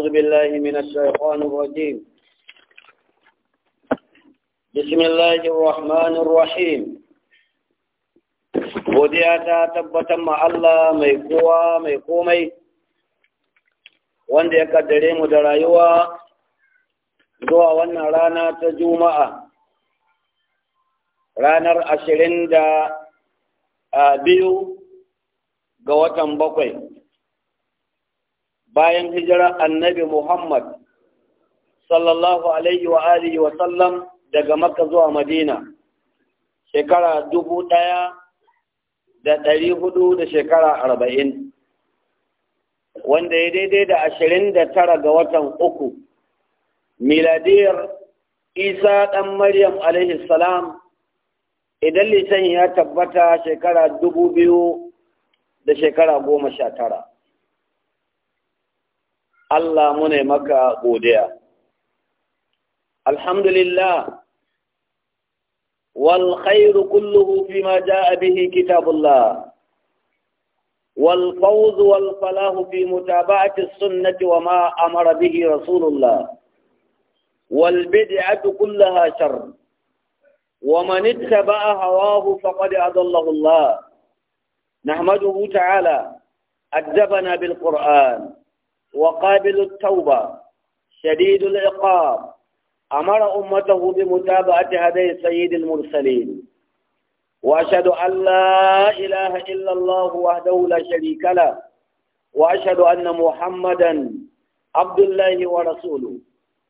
أعوذ بالله من الشيطان الرجيم بسم الله الرحمن الرحيم godiya ta tabbatar ma Allah mai kowa mai komai wanda ya kaddare mu da rayuwa zuwa wannan rana ta juma'a ranar ashirin da a biyu ga watan bakwai bayan hijira annabi Muhammad sallallahu alaihi wa alihi wa sallam daga Makka zuwa Madina shekara dubu ɗaya da ɗari hudu da shekara arba'in wanda ya daidai da ashirin da tara ga watan uku miladiyar isa ɗan maryam alaihi salam idan lisan ya tabbata shekara dubu biyu da shekara goma sha tara Allah mune maka godiya alhamdulillah wal khairu kulluhu fima jaa bihi kitabullah wal fawz wal falah fi mutaba'ati sunnati wa ma amara bihi rasulullah wal bid'atu kullaha sharr ومن اتبع هواه فقد أضله الله نحمده تعالى أدبنا بالقرآن وقابل التوبة شديد العقاب أمر أمته بمتابعة هذه سيد المرسلين وأشهد أن لا إله إلا الله وحده لا شريك له وأشهد أن محمدا عبد الله ورسوله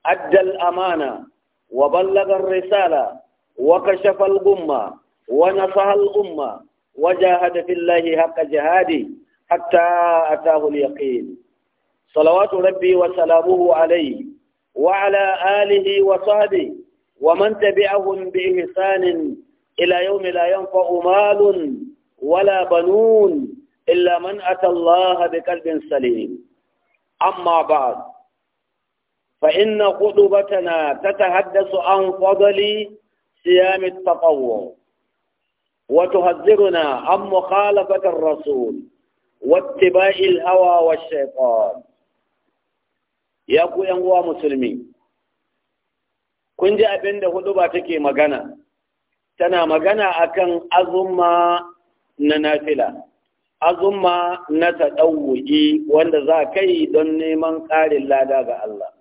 أدى الأمانة وبلغ الرسالة وكشف الغمة ونصح الأمة وجاهد في الله حق جهاده حتى أتاه اليقين صلوات ربي وسلامه عليه وعلى آله وصحبه ومن تبعهم بإحسان إلى يوم لا ينفع مال ولا بنون إلا من أتى الله بقلب سليم أما بعد فإن خطبتنا تتحدث عن فضل صيام التطوع وتهذرنا عن مخالفة الرسول واتباع الهوى والشيطان ya ku ‘yan uwa musulmi, kun ji abin da hudu ba take magana, tana magana akan azumma na nafila, azumma na taɗauwuki wanda za kai don neman ƙarin lada ga Allah.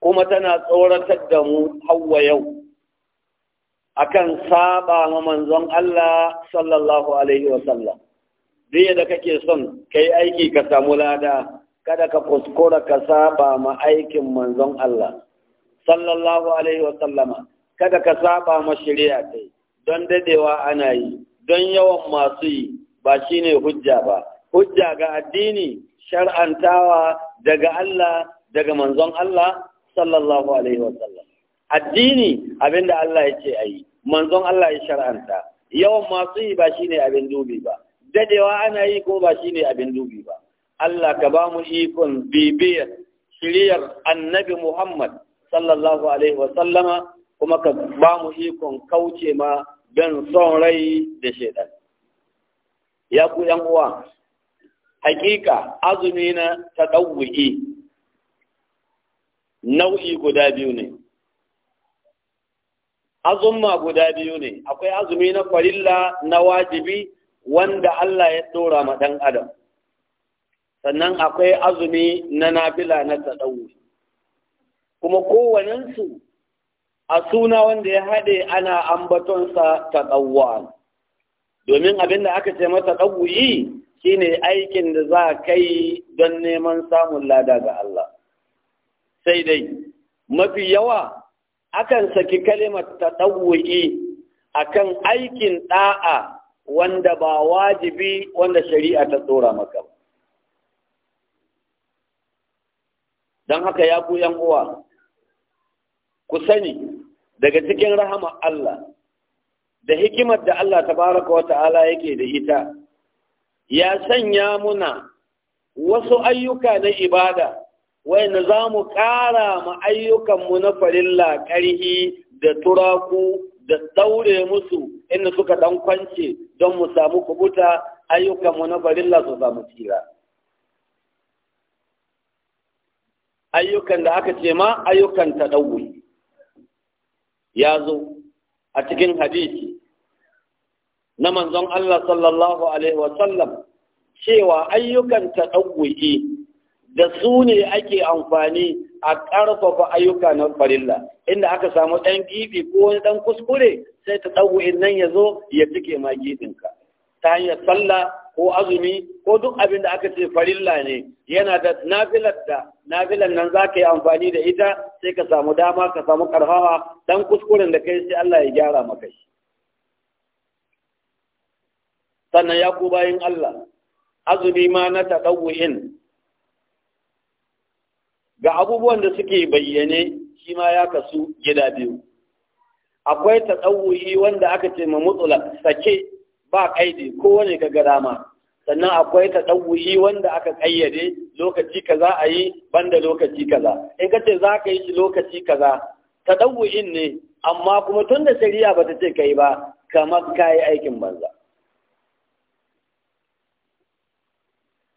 Kuma tana tsoratar da mu hawa yau, akan saba ma manzon Allah sallallahu Alaihi wasallam. Duk da kake son kai aiki ka samu lada kada ka kuskura ka saba ma aikin manzon Allah sallallahu alaihi wa sallama kada ka saba ma shari'a kai don dadewa ana yi don yawan masu yi ba shine hujja ba hujja ga addini shar'antawa daga Allah daga manzon Allah sallallahu alaihi wa sallam addini abinda Allah ya ce ayi manzon Allah ya shar'anta yawan masu yi ba shine abin dubi ba dadewa ana yi ko ba shine abin dubi ba Allah ka ba mu ikon bibiyar shiriyar annabi Muhammad sallallahu alaihi wasallama kuma ka ba mu ikon kauce ma don son rai da shaidan. Ya ku uwa, hakika azumi na ta ɗauwuki nau'i guda biyu ne. Azumma guda biyu ne, akwai azumi na farilla na wajibi wanda Allah ya ɗora ma ɗan Adam. sannan akwai azumi na Nabila na taɗawu kuma kowanensu a suna wanda ya haɗe ana ambatonsa tsadauwa domin abin da aka ce mata ɗaguyi shine aikin da za a kai don neman samun lada ga Allah sai dai mafi yawa akan saki kalimar a kan aikin ɗa'a wanda ba wajibi wanda shari'a ta tsora maka don haka ya ku yan uwa ku sani daga cikin rahama Allah da hikimar da Allah tabaraka wa ta'ala yake da ita ya sanya muna wasu ayyuka na ibada wayanda za mu ƙara ma ayyukanmu na farilla ƙarhi da turaku da ɗaure musu inda suka ɗan kwance don mu samu kubuta ayyukanmu na farilla su samu tsira. ayyukan da aka ce ma ayyukan taɗauri ya zo a cikin hadisi na manzon Allah sallallahu Alaihi wasallam cewa ayyukan taɗauri da su ne ake amfani a ƙarfafa ayyuka na farilla inda aka samu ɗan gibi ko wani ɗan kuskure sai ta ɗagu'in nan ya zo ya cike ma gibinka ta hanyar sallah ko azumi ko duk abin da aka ce farilla ne yana da nafilar da nafilar nan za ka yi amfani da ita sai ka samu dama ka samu karfawa dan kuskuren da kai sai Allah ya gyara maka shi sannan ya ku bayin Allah azumi ma na taɗawu'in ga abubuwan da suke bayyane shi ma ya kasu gida biyu akwai tadawuhi wanda aka ce ma mutsula sake ba kaidi kowane ga dama sannan akwai ta dawuyi wanda aka ƙayyade lokaci kaza a yi banda lokaci kaza in ka ce za ka yi shi lokaci kaza ta dawuyin ne amma kuma tun da shari'a ba ta ce ka yi ba kamar ka yi aikin banza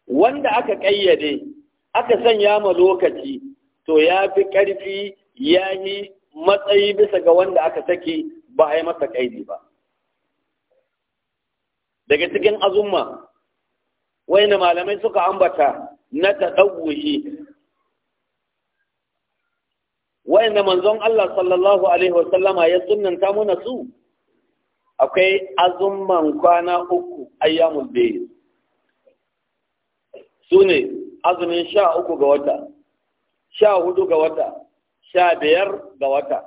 wanda aka ƙayyade aka sanya ma lokaci to ya fi ƙarfi ya yi matsayi bisa ga wanda aka saki ba a yi masa ƙaidi ba daga cikin azumma na malamai suka ambata na wai na manzon Allah sallallahu alaihi wasallama ya sunnanta muna su akwai azumman kwana uku ayyamul Su ne azumin sha uku ga wata sha hudu ga wata sha biyar ga wata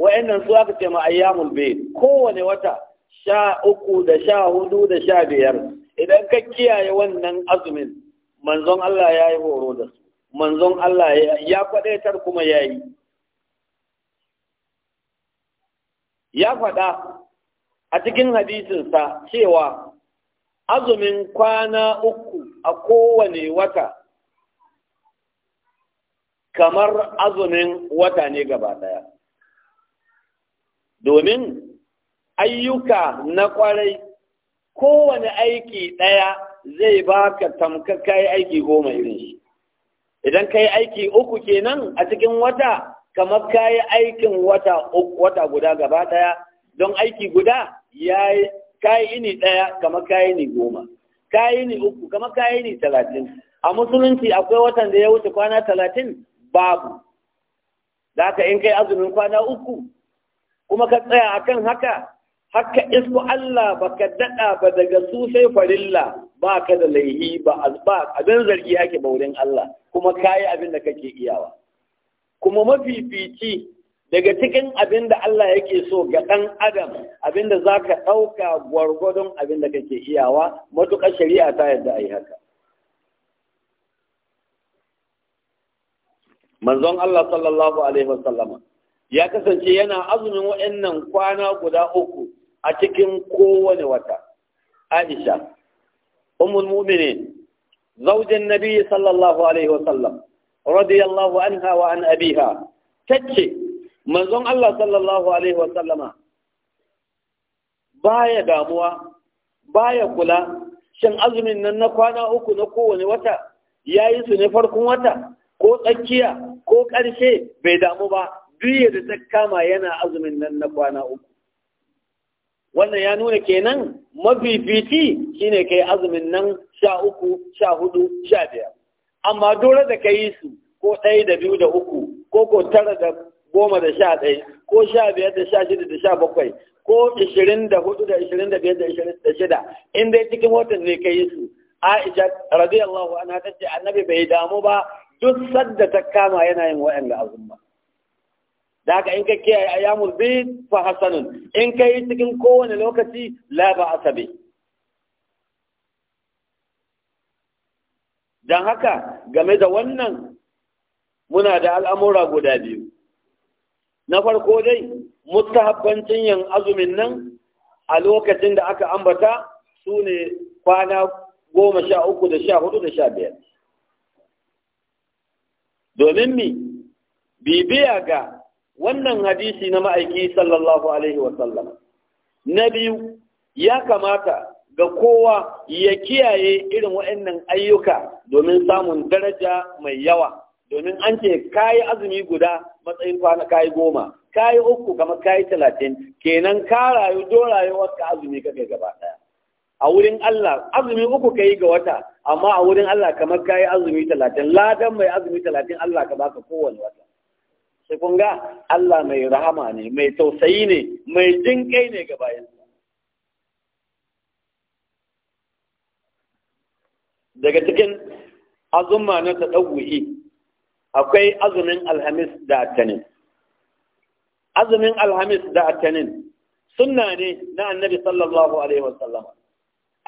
wa'annan su aka ce ma ayyamul bayt kowane wata sha uku da sha hudu da sha biyar idan ka kiyaye wannan azumin manzon Allah ya yi horo da su manzon Allah ya kwadaitar kuma ya yi ya faɗa a cikin hadisinsa cewa azumin kwana uku a kowane wata kamar azumin wata ne gaba ɗaya domin ayyuka na ƙwarai kowane aiki ɗaya zai baka tamka kayi aiki goma irin shi idan kai aiki uku kenan a cikin wata kamar kayi aikin wata wata guda gaba ɗaya don aiki guda yayi kayi ini ɗaya kamar kayi ni goma kayi ni uku kamar kayi ni talatin a musulunci akwai watan da ya wuce kwana talatin babu da in kai azumin kwana uku kuma ka tsaya akan haka haka ismu Allah ba ka daɗa ba daga su sai farilla ba ka da laihi ba abin zargi ake baurin Allah kuma ka yi abin da kake iyawa kuma mafifici daga cikin abin da Allah yake so ga ɗan adam abin da za ka ɗauka gwargwadon abin da kake iyawa matuƙar shari'a ta yadda a yi haka manzon Allah sallallahu alaihi wasallama ya kasance yana azumin waɗannan kwana guda uku a cikin kowane wata aisha ummul ne, zaujin nabiyyi sallallahu alaihi wa sallam radiyallahu anha wa an abiha tace manzon Allah sallallahu alaihi wa sallama baya damuwa baya kula shin azumin nan na kwana uku na kowane wata yayi su ne farkon wata ko tsakiya ko ƙarshe bai damu ba duk da ta kama yana azumin nan na kwana uku wannan ya nuna kenan mafifici shine kai azumin nan sha uku sha hudu sha biyar amma dole da ka yi su ko ɗaya da biyu da uku ko ko tara da goma da sha ɗaya ko sha biyar da sha shida da sha bakwai ko ishirin da hudu da ishirin da biyar da ishirin da shida in dai cikin watan ne ka yi su Aisha radiyallahu anha ta ce annabi bai damu ba duk sadda ta kama yana yin wa'anda azumma da haka in ka a ayyamul bid fa hasanun in ka yi cikin kowane lokaci la ba asabi dan haka game da wannan muna da al'amura guda biyu na farko dai mustahabbancin yin azumin nan a lokacin da aka ambata su ne kwana goma sha uku da sha hudu da sha biyar domin mi bibiya ga wannan hadisi na ma'aiki sallallahu alaihi wasallam na biyu ya kamata ga kowa ya kiyaye irin waɗannan ayyuka domin samun daraja mai yawa domin an ce kayi azumi guda matsayin kwana kayi goma kayi uku kamar kayi talatin kenan ka rayu do rayuwar ka azumi kai gaba ɗaya a wurin Allah azumi uku ka yi ga wata amma a wurin Allah kamar kayi azumi talatin ladan mai azumi talatin Allah ka baka kowane wata sai kun ga Allah mai rahama ne mai tausayi ne mai jin kai ne ga bayansa daga cikin azumma na tadawuhi akwai azumin alhamis da atanin azumin alhamis da atanin sunna ne na annabi sallallahu alaihi wasallam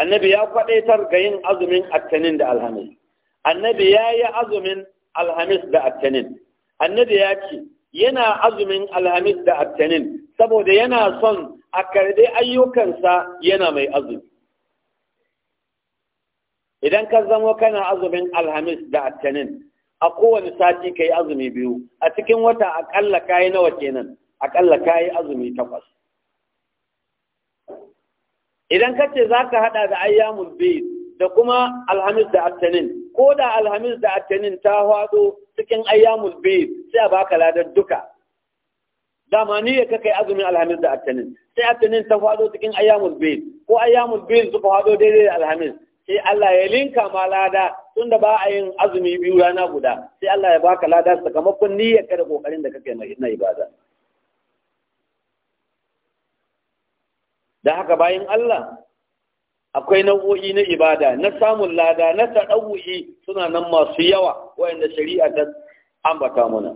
annabi ya kwadaitar ga yin azumin atanin da alhamis annabi ya yi azumin alhamis da atanin annabi ya ce yana azumin alhamis da attanin saboda yana son a karbe ayyukansa yana mai azumi idan ka zamo kana azumin alhamis da attanin a kowane sati ka yi azumi biyu a cikin wata akalla ka yi nawa kenan akalla ka yi azumi takwas idan ka ce za ka haɗa da ayyamun biyu da kuma alhamis da attanin ko da alhamis da attanin ta hwado cikin ayyamul Bay sai a baka ladar duka dama ni kai azumin alhamis da attanin sai attanin ta hwado cikin ayyamul Bay. ko ayyamul bayt suka hwado daidai da alhamis sai Allah ya linka ma lada tunda ba a yin azumi biyu rana guda sai Allah ya baka lada sakamakon ka da kokarin da kake na ibada da haka bayan Allah akwai nau'o'i na ibada na samun lada na taɗawu'i suna nan masu yawa wayanda shari'a ta ambata muna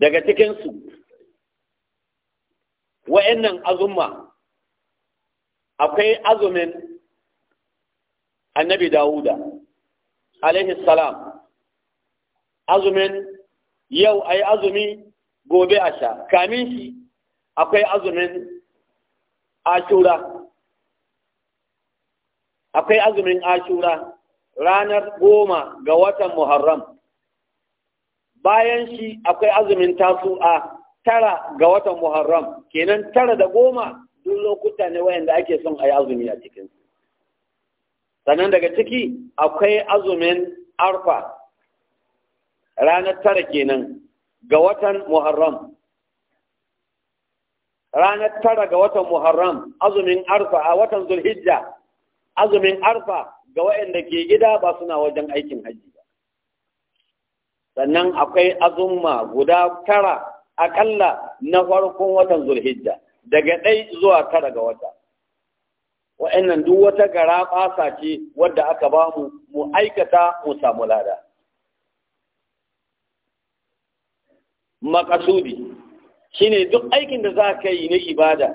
daga cikinsu wayannan azumma akwai azumin annabi dawuda alaihi salam azumin yau a azumi gobe a sha kamin shi akwai azumin ashura akwai azumin ashura ranar goma ga watan muharram bayan shi akwai azumin tasu'a tara ga watan muharram kenan tara da goma duk lokuta ne wayanda ake son a yi azumi a cikinsu sannan daga ciki akwai azumin arfa ranar tara kenan ga watan muharram ranar tara ga watan Muharram azumin arfa a watan Zulhijja azumin arfa ga waɗanda ke gida ba suna wajen aikin hajji ba sannan akwai azumma guda tara akalla na farkon watan Zulhijja daga ɗai zuwa tara ga wata wa'annan duk wata gara ɓasa ce wadda aka ba mu mu aikata mu samu lada makasudi shine duk aikin da za ka yi na ibada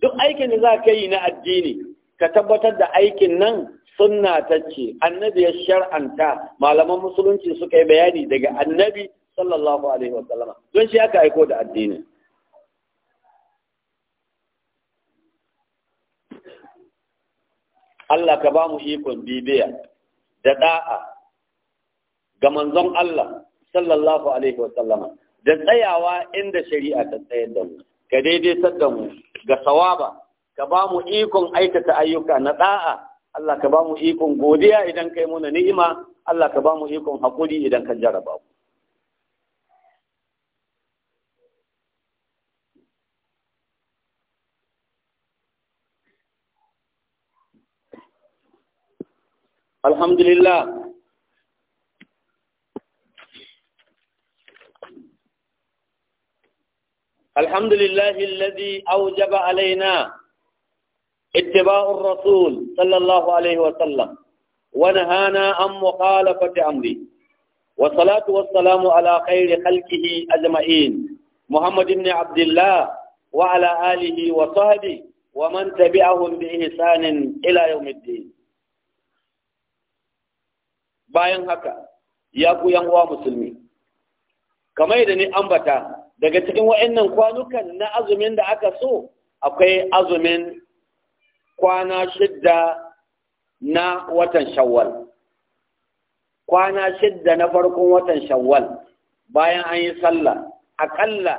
duk aikin da za ka yi na addini ka tabbatar da aikin nan sunna ce annabi ya shar'anta malaman musulunci suka yi bayani daga annabi sallallahu alaihi wa sallama don shi aka aiko da addini Allah ka ba mu ikon bibiya da da'a ga manzon Allah sallallahu alaihi wa sallama da tsayawa inda shari'a ta tsayar da mu ka daidai da mu ga sawaba ka ba mu ikon aikata ayyuka na da'a Allah ka ba mu ikon godiya idan kai muna ni'ima Allah ka ba mu ikon haƙuri idan ka jaraba mu alhamdulillah الحمد لله الذي أوجب علينا اتباع الرسول صلى الله عليه وسلم ونهانا عن مخالفة أمره والصلاة والسلام على خير خلقه أجمعين محمد بن عبد الله وعلى آله وصحبه ومن تبعهم بإحسان إلى يوم الدين bayan haka ya ku yan uwa musulmi kamar da ni ambata daga cikin wa'annan kwanukan na azumin da aka so akwai azumin kwana shidda na watan shawwal kwana shidda na farkon watan shawwal bayan an yi sallah aƙalla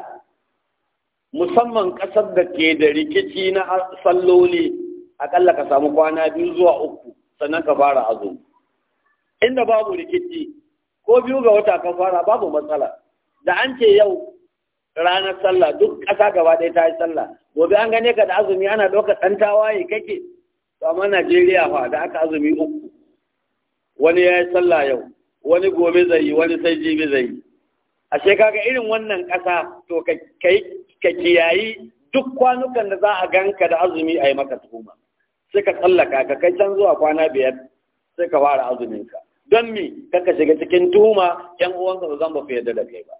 musamman ƙasar da ke da rikici na salloli akalla ka samu kwana biyu zuwa uku sannan ka fara azumi inda babu rikici ko biyu ga wata ka fara babu matsala da an ce yau ranar sallah duk ƙasa gaba ɗaya ta yi sallah gobe an gane ka da azumi ana ɗaukar ɗan tawaye kake to amma najeriya fa da aka azumi uku wani ya yi sallah yau wani gobe zai yi wani sai jibi zai yi a shekaga irin wannan ƙasa to ka kiyayi duk kwanukan da za a ganka da azumi a yi maka tuhuma sai ka tsallaka ka kai can zuwa kwana biyar sai ka fara azuminka don me kaka shiga cikin tuhuma yan uwanka ba zan ba fi yarda da kai ba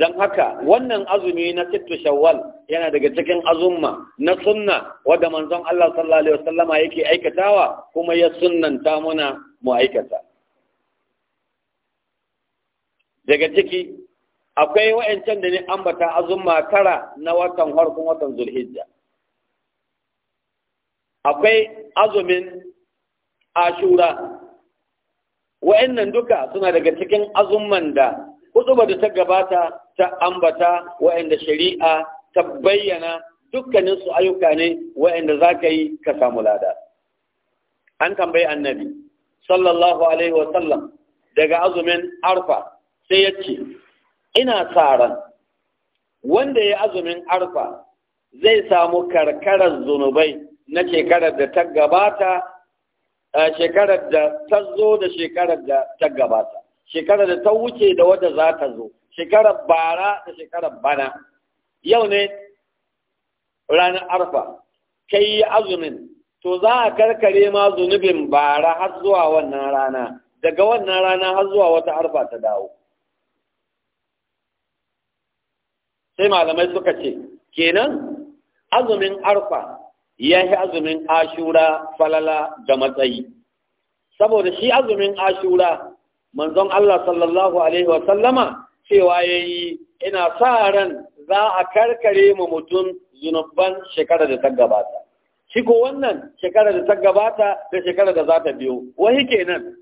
don haka wannan azumi na sittu shawwal yana daga cikin azumma na sunna wadda manzon Allah sallallahu alaihi wasallama yake aikatawa kuma ya sunnanta muna mu aikata daga ciki akwai wa'ancan da ne ambata azumma tara na watan harkun watan zulhijja akwai azumin ashura wa'annan duka suna daga cikin azumman da hudu da ta gabata ta ambata wa'anda shari'a ta bayyana dukkanin su ayyuka ne wa'anda za ka yi ka samu lada an tambayi annabi sallallahu alaihi wa daga azumin arfa sai ya ce ina tsaron wanda ya azumin arfa zai samu karkarar zunubai na shekarar da ta gabata shekarar da ta zo da shekarar da ta gabata shekarar da ta wuce da wadda za ta zo shekarar bara da shekarar bana yau ne ranar arfa kai azumin to za a karkare ma zunubin bara har zuwa wannan rana daga wannan rana har zuwa wata arfa ta dawo sai malamai suka ce kenan azumin arfa ya yi azumin ashura falala da matsayi saboda shi azumin ashura manzon Allah sallallahu alaihi wasallama cewa ya yi ina sa ran za a karkare ma mutum zunubban shekara da ta gabata shi wannan shekara da ta gabata da shekara da za ta biyo wahi kenan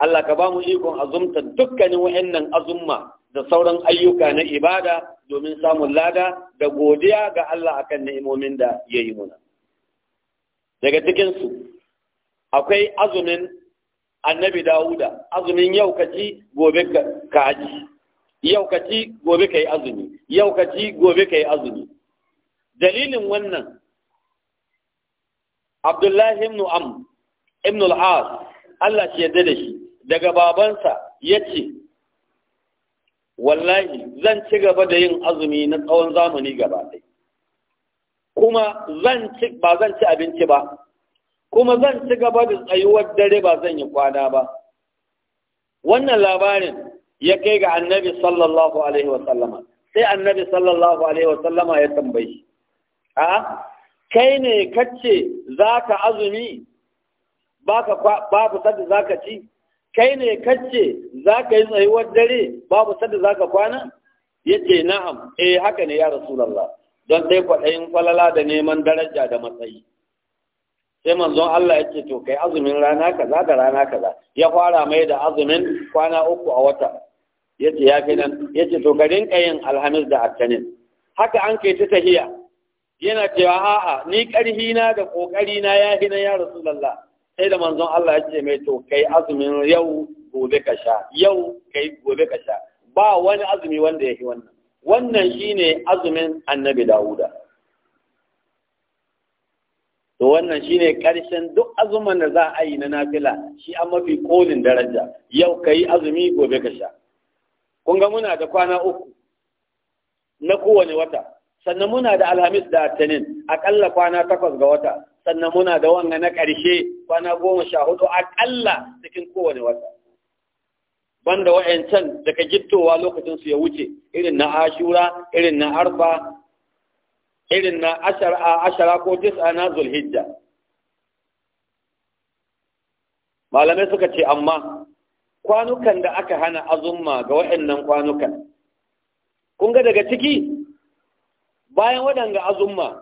Allah ka ba mu ikon azumta dukkanin wa'annan azumma da sauran ayyuka na ibada domin samun lada da godiya ga Allah akan ni'imomin da ya yi muna. Daga cikinsu, akwai azumin annabi dawuda azumin yau ka ci gobe ka haji yau ka ci gobe ka yi azumi yau ka gobe ka yi azumi dalilin wannan abdullahi ibn am ibn al-as Allah shi yadda da shi daga babansa ya ce wallahi zan ci gaba da yin azumi na tsawon zamani gaba ɗaya kuma zan ba zan ci abinci ba kuma zan ci gaba da tsayuwar dare ba zan yi kwana ba wannan labarin ya kai ga annabi sallallahu alaihi wasallama sai annabi sallallahu alaihi wasallama ya tambayi a kai ne kace za ka azumi babu sadda za ka ci kai ne kace za ka yi tsayuwar dare babu sadda za ka kwana ya ce na'am eh haka ne ya rasulallah don dai kwaɗayin kwalala da neman daraja da matsayi sai manzon Allah ya ce to kai azumin rana kaza da rana kaza ya fara mai da azumin kwana uku a wata ya ce ya fi nan ya to ka rinka yin alhamis da attanin haka an kai ta tahiya yana cewa a'a ni ƙarhi na da ƙoƙari na ya fi nan ya rasulullah sai da manzon Allah ya ce mai to kai azumin yau gobe ka sha yau kai gobe ka sha ba wani azumi wanda ya fi wannan wannan shine azumin annabi Dawuda to wannan shi ne ƙarshen duk azumin da za a yi na nafila shi an mafi kolin daraja yau ka yi azumi gobe ka sha kun ga muna da kwana uku na kowane wata sannan muna da alhamis da atanin aƙalla kwana takwas ga wata sannan muna da wanga na ƙarshe kwana goma sha hudu aƙalla cikin kowane wata banda wa'yancan daga gittowa lokacinsu ya wuce irin na ashura irin na arfa irin na ashara ashara ko tis'a na zulhijja malamai suka ce amma kwanukan da aka hana azumma ga waɗannan kwanukan kun ga daga ciki bayan waɗanga azumma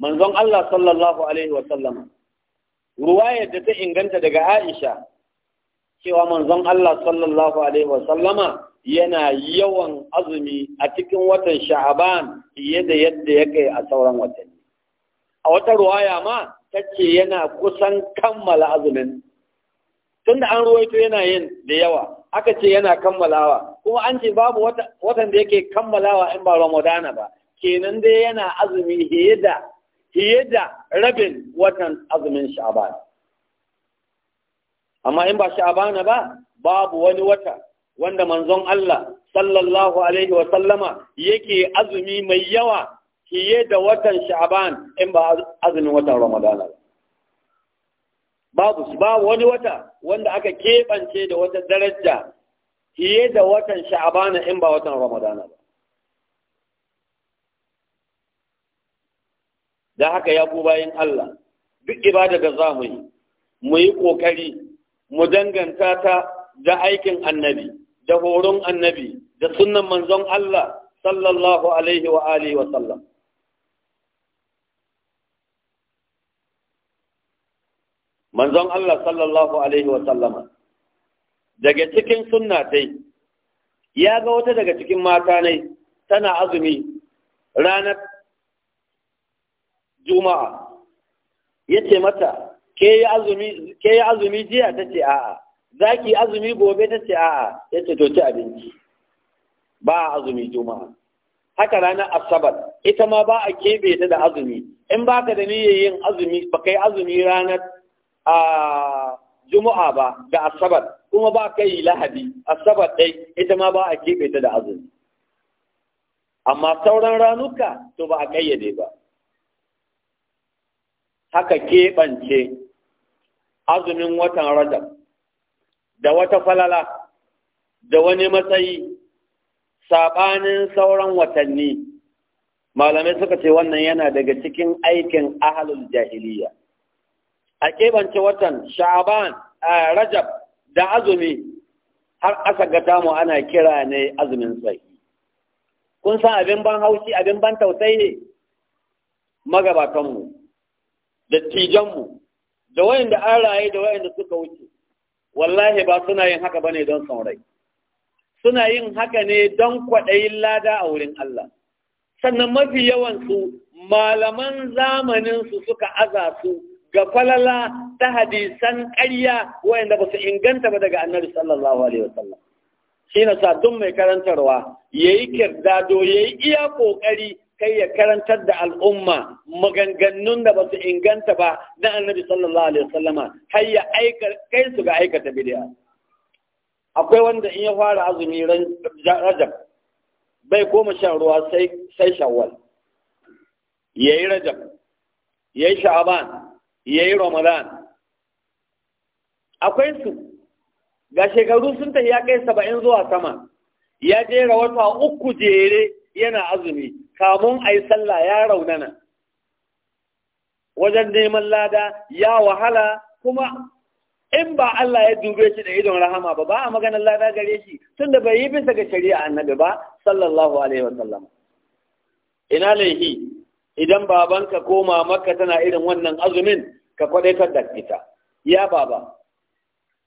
manzon Allah sallallahu alaihi wa sallama ruwayar da ta inganta daga Aisha cewa manzon Allah sallallahu alaihi wa sallama yana yawan azumi a cikin watan sha'aban fiye da yadda ya kai a sauran watanni a wata ruwaya ma ta ce yana kusan kammala azumin Tunda an ruwaito yana yin da yawa aka ce yana kammalawa kuma an ce babu watan da yake kammalawa in ba ramadana ba kenan dai yana azumi fiye da rabin watan azumin sha'aban amma in ba sha'aban ba babu wani wata wanda manzon Allah sallallahu alaihi wa sallama yake azumi mai yawa fiye da watan Sha'ban in ba azumin watan Ramadana babu ba wani wata wanda aka keɓance da wata daraja fiye da watan Sha'ban in ba watan Ramadana ba da haka ya ku bayan Allah duk ibada da za mu yi mu yi ƙoƙari mu danganta ta da aikin annabi da horon annabi da sunan manzon Allah sallallahu alaihi wa alihi wa sallam manzon Allah sallallahu alaihi wa sallama daga cikin sunna dai ya ga wata daga cikin mata ne tana azumi ranar juma'a ya ce mata ke yi azumi jiya ta ce a'a za ki azumi gobe ta ce a'a ya ce to ci abinci ba a azumi juma'a haka ranar asabar ita ma ba a keɓe ta da azumi in ba ka da niyyar yin azumi ba kai azumi ranar a juma'a ba da asabar kuma ba ka yi lahadi asabar ɗai ita ma ba a keɓe ta da azumi amma sauran ranuka to ba a kayyade ba haka keɓance azumin watan rajab da wata falala da wani matsayi saɓanin sauran watanni malamai suka ce wannan yana daga cikin aikin ahalul jahiliya a keɓance watan sha'aban a rajab da azumi har aka ga tamu ana kira ne azumin sai. kun san abin ban haushi abin ban tausayi ne magabatanmu da tijanmu da wayanda an raye da wayanda suka wuce wallahi ba suna yin haka bane don saurai, suna yin haka ne don kwaɗayin lada a wurin Allah sannan mafi yawansu malaman zamanin su suka aza su ga falala ta hadisan ƙarya wayanda ba su inganta ba daga annabi sallallahu alaihi wasallam shi na sa duk mai karantarwa yayi kirdado yayi iya ƙoƙari. kai ya karantar da al'umma maganganun da ba su inganta ba na annabi sallallahu alaihi wasallama har ya aika kai su ga aikata bid'a akwai wanda in ya fara azumi rajab bai koma shan ruwa sai sai shawwal yayi rajab yayi sha'ban yayi ramadan akwai su ga shekaru sun tafi ya kai saba'in zuwa sama ya jera wata uku jere yana azumi kamun a sallah ya raunana wajen neman lada ya wahala kuma in ba Allah ya dube shi da idon rahama ba ba a maganar lada gare shi tun da bai yi bisa ga shari'a annabi ba sallallahu alaihi wa sallam ina laihi idan babanka ko mamarka tana irin wannan azumin ka kwadaitar da ita ya baba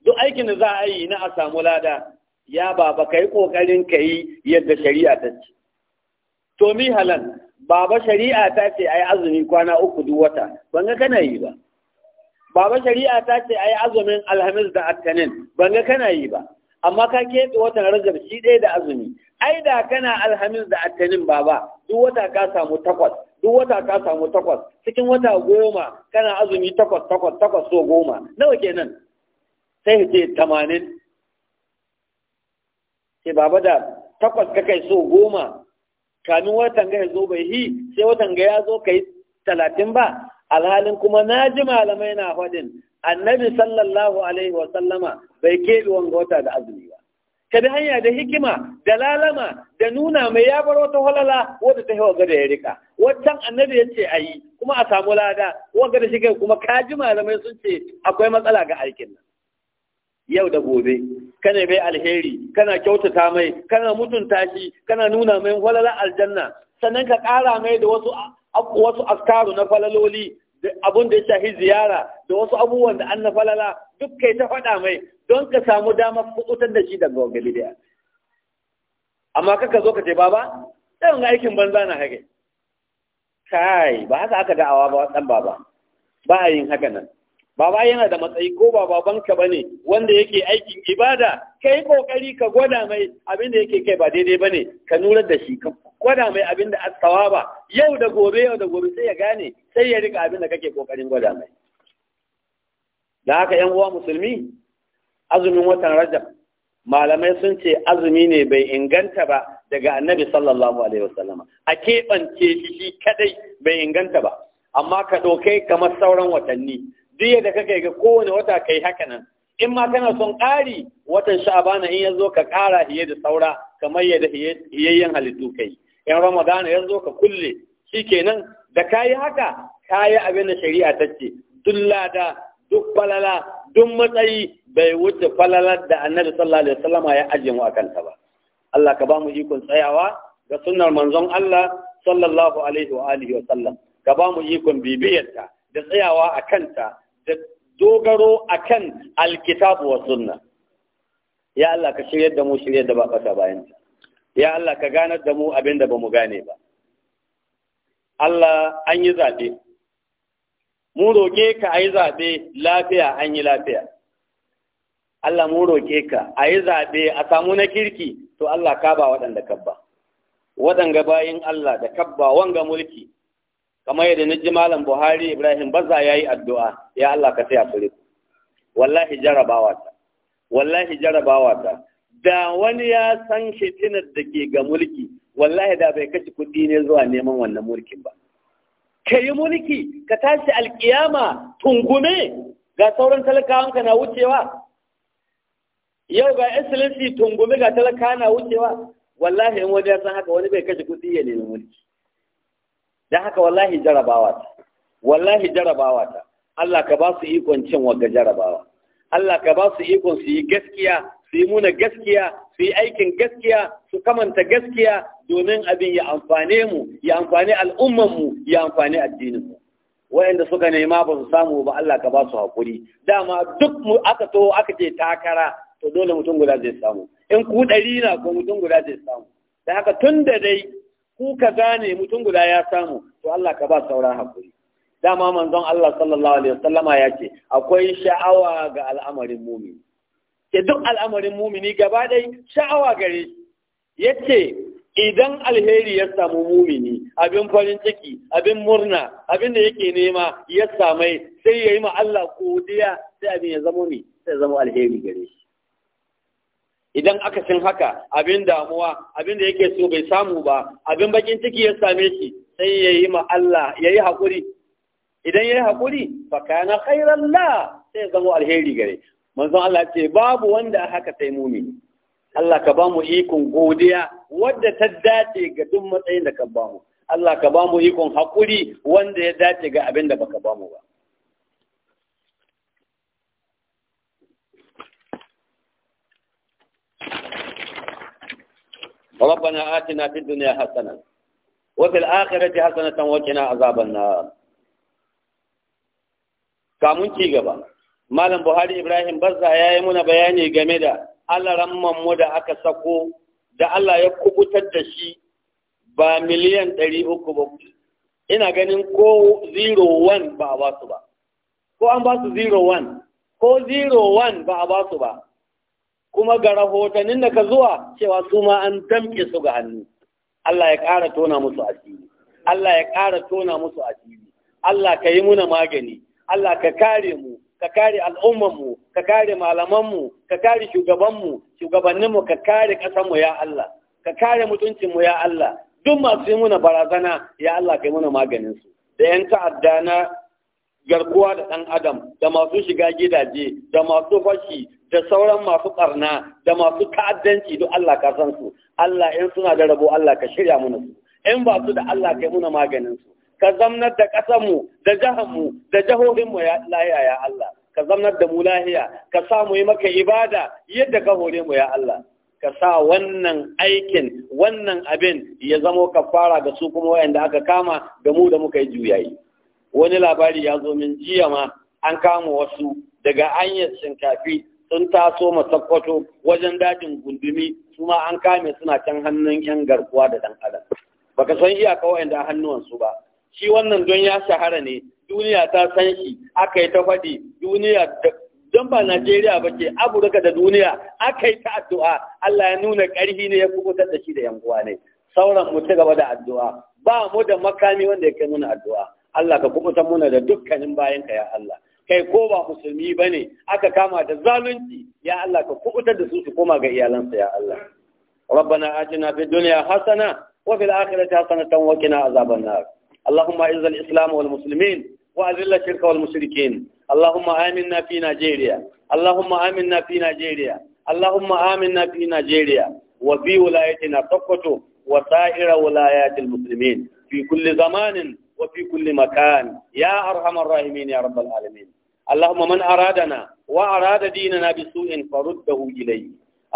duk aikin da za a yi na a samu lada ya baba kai kokarin ka yi yadda shari'a ta ce to mi halal baba shari'a ta ce ai azumi kwana uku duk wata ban ga kana yi ba baba shari'a ta ce ai azumin alhamis da attanin ban ga kana yi ba amma ka keɓe watan rajab shi ɗaya da azumi ai da kana alhamis da attanin baba duk wata ka samu takwas duk wata ka samu takwas cikin wata goma kana azumi takwas takwas takwas so goma nawa kenan sai ce tamanin sai baba da takwas ka kai so goma kamin watan ga ya zo bai yi sai watan ga ya zo ka yi talatin ba alhalin kuma na ji malamai na faɗin annabi sallallahu alaihi wa sallama bai keɓe wanga wata da azumi ba ka bi hanya da hikima da lalama da nuna mai ya bar wata halala wadda ta hawa gada ya rika waccan annabi ya ce a yi kuma a samu lada wanga da shi kuma ka ji malamai sun ce akwai matsala ga aikin nan yau da gobe kana bai alheri kana kyautata mai kana mutunta shi kana nuna mai walala aljanna sannan ka ƙara mai da wasu wasu askaru na falaloli abun da ya shafi ziyara da wasu abubuwan da an na falala duk kai ta faɗa mai don ka samu damar kuɓutar da shi daga gari daya amma kaka zo ka ce baba ɗan aikin banza na hage kai ba haka aka da'awa ba ɗan baba ba a yin haka nan baba yana da matsayi ko ba babanka ba ne wanda yake aikin ibada ka yi ƙoƙari ka gwada mai abin da yake kai ba daidai ba ne ka nurar da shi ka gwada mai abin da ba yau da gobe yau da gobe sai ya gane sai ya rika abin da kake ƙoƙarin gwada mai da haka yan uwa musulmi azumin watan rajab malamai sun ce azumi ne bai inganta ba daga annabi sallallahu alaihi wasallama a keɓance shi kadai bai inganta ba amma ka ɗaukai kamar sauran watanni duk da kake ga kowane wata kai haka nan in ma kana son ƙari watan sha'abana in ya zo ka ƙara hiye da saura kamar yadda hiyayyen halittu kai in ramadana ya zo ka kulle shi kenan da kayi haka kayi abin da shari'a ta ce duk lada duk falala duk matsayi bai wuce falalar da annabi sallallahu alaihi wasallam ya ajiye mu akan ba Allah ka ba mu ikon tsayawa ga sunnar manzon Allah sallallahu alaihi wa alihi wa sallam ka ba mu ikon bibiyarta da tsayawa a kanta da dogaro kan alkitabu wa sunna ya Allah ka shirya da mu shirya da ba ƙasa bayan ya Allah ka ganar da mu abin da ba mu gane ba Allah an yi zaɓe mu roƙe ka a yi zaɓe lafiya an yi lafiya Allah mu roƙe ka a yi zaɓe a samu na kirki to Allah ka ba waɗanda kabba waɗanga bayin Allah da kabba wanga mulki kamar yadda na ji malam buhari ibrahim baza ya yi addu'a ya allah ka taya fure wallahi jarabawa ta wallahi jarabawa ta da wani ya san fitinar da ke ga mulki wallahi da bai kashe kuɗi ne zuwa neman wannan mulkin ba ka yi mulki ka tashi alkiyama tungume ga sauran talakawanka na wucewa yau ga excellency tungume ga talakawa na wucewa wallahi in wani ya san haka wani bai kashe kuɗi ya neman mulki don haka wallahi jarabawa ta wallahi jarabawa ta Allah ka ba su ikon cin wagga jarabawa Allah ka ba su ikon su yi gaskiya su yi muna gaskiya su yi aikin gaskiya su kamanta gaskiya domin abin ya amfane mu ya amfane al'ummanmu ya amfane addininmu wayanda suka nema ba su samu ba Allah ka ba su hakuri dama duk mu aka to aka ce takara to dole mutum guda zai samu in ku ɗari na ko mutum guda zai samu da haka tun da dai ku ka gane mutum guda ya samu to Allah ka ba sauran hakuri dama manzon Allah sallallahu alaihi wasallama ya ce akwai sha'awa ga al'amarin mumini ke duk al'amarin mumini gaba dai sha'awa gare shi yace idan alheri ya samu mumini abin farin ciki abin murna abin da yake nema ya samai sai yayi yi ma Allah godiya sai abin ya zama ne sai zama alheri gare shi idan aka cin haka abin damuwa abin da yake so bai samu ba abin bakin ciki ya same shi sai ya yi ma Allah ya yi haƙuri idan ya yi haƙuri fa kana khairan la sai zama alheri gare manzon Allah ce babu wanda haka sai mumini Allah ka ba ikon godiya wadda ta dace ga duk matsayin da ka bamu. Allah ka bamu ikon haƙuri wanda ya dace ga abin da baka bamu ba ربنا آتنا في الدنيا حسنة وفي الآخرة حسنة وقنا عذاب النار kamun ci gaba malam buhari ibrahim barza ya yi muna bayani game da Allah alaramman mu da aka sako da allah ya kubutar da shi ba miliyan ɗari uku ba ina ganin ko zero one ba a ba su ba ko an basu zero one, ko zero one ba a basu ba kuma ga rahotannin da ka zuwa cewa su ma an damƙe su ga hannu Allah ya ƙara tona musu asiri Allah ya ƙara tona musu asiri Allah ka yi muna magani Allah ka kare mu ka kare al'ummanmu ka kare malamanmu ka kare shugabanmu shugabanninmu ka kare ƙasanmu ya Allah ka kare mutuncinmu ya Allah duk masu yi muna barazana ya Allah ka yi muna maganinsu da 'yan ta'adda na garkuwa da ɗan adam da masu shiga gidaje da masu fashi da sauran masu ɓarna da masu ta'addanci duk Allah ka san su Allah in suna da rabo Allah ka shirya mana su in ba su da Allah kai muna maganin su ka zamnar da ƙasar mu da jahar mu da jahohin mu lahiya ya Allah ka zamnar da mu lahiya ka sa mu yi maka ibada yadda ka hore mu ya Allah ka sa wannan aikin wannan abin ya zamo kafara ga su kuma wayanda aka kama da mu da muka yi juyayi wani labari ya zo min jiya ma an kama wasu daga anyar shinkafi sun taso ma masakkwato wajen dajin gundumi su an kame suna can hannun yan garkuwa da dan adam baka san iyaka wa'anda hannuwansu ba shi wannan don ya shahara ne duniya ta san shi aka yi ta faɗi duniya don ba Najeriya ba ke Aburka da duniya aka yi ta addu'a Allah ya nuna ƙarfi ne ya kubutar da shi da yan uwa ne sauran mu ci gaba da addu'a ba mu da makami wanda ya kai mana addu'a Allah ka kubutar muna da dukkanin bayan ya Allah kai ko ba musulmi ba ne aka kama da zalunci ya Allah ka kubutar da su su koma ga iyalansa ya Allah rabbana atina fid dunya hasana wa fil akhirati hasanatan wa qina azaban nar allahumma izz al islam wal muslimin wa azil shirka wal mushrikin allahumma aminna fi najeriya allahumma aminna fi najeriya allahumma aminna fi najeriya wa fi wilayatina sokoto wa sa'ira wilayatil muslimin fi kulli zamanin وفي makami, ya يا أرحم الراحمين يا رب العالمين اللهم من أرادنا وأراد ديننا بسوء فرده إليه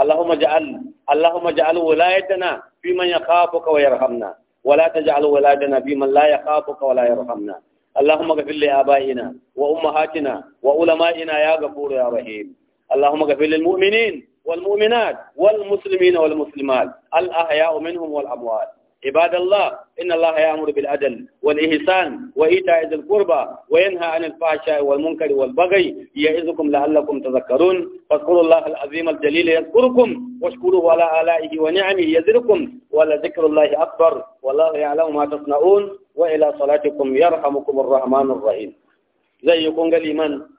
اللهم اجعل اللهم اجعل ولايتنا في من يخافك ويرحمنا ولا تجعل ولايتنا في من لا يخافك ولا يرحمنا اللهم اغفر لآبائنا وأمهاتنا وعلمائنا يا غفور يا رحيم اللهم اغفر للمؤمنين والمؤمنات والمسلمين والمسلمات الأحياء منهم والأموات عباد الله إن الله يأمر بالعدل والإحسان وإيتاء ذي القربى وينهى عن الفحشاء والمنكر والبغي يعظكم لعلكم تذكرون فاذكروا الله العظيم الجليل يذكركم واشكروه على آلائه ونعمه يزركم ولذكر الله أكبر والله يعلم ما تصنعون وإلى صلاتكم يرحمكم الرحمن الرحيم زي يكون قال إيمان